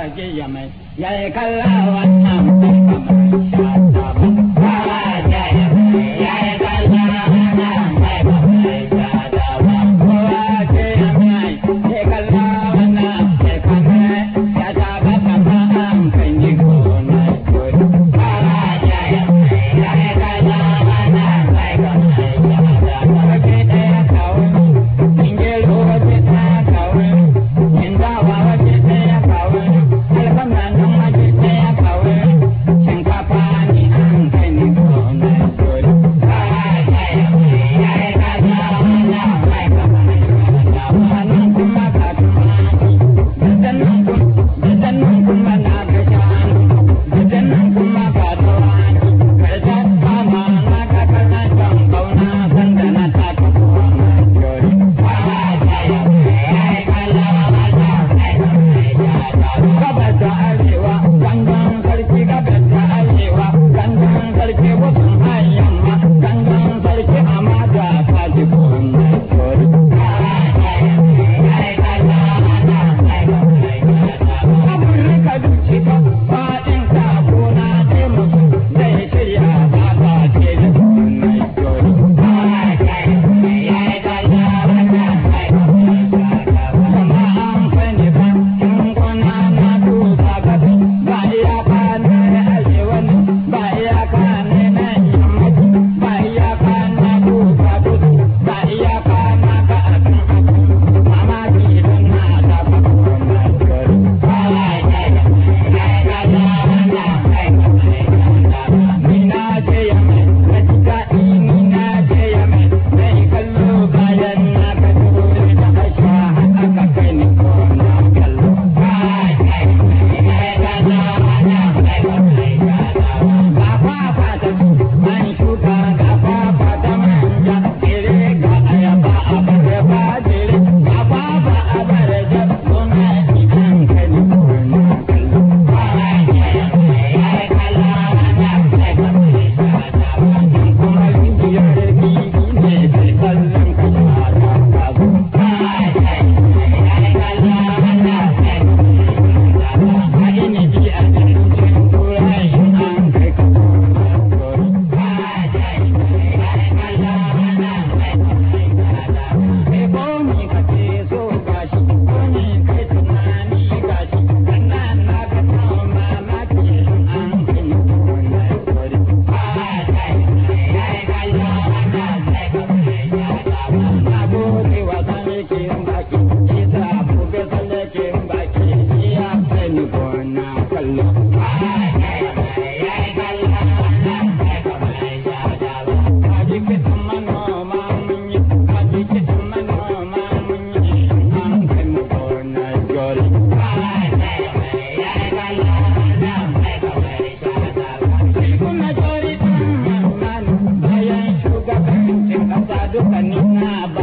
ake yamai ya yi 你看你那。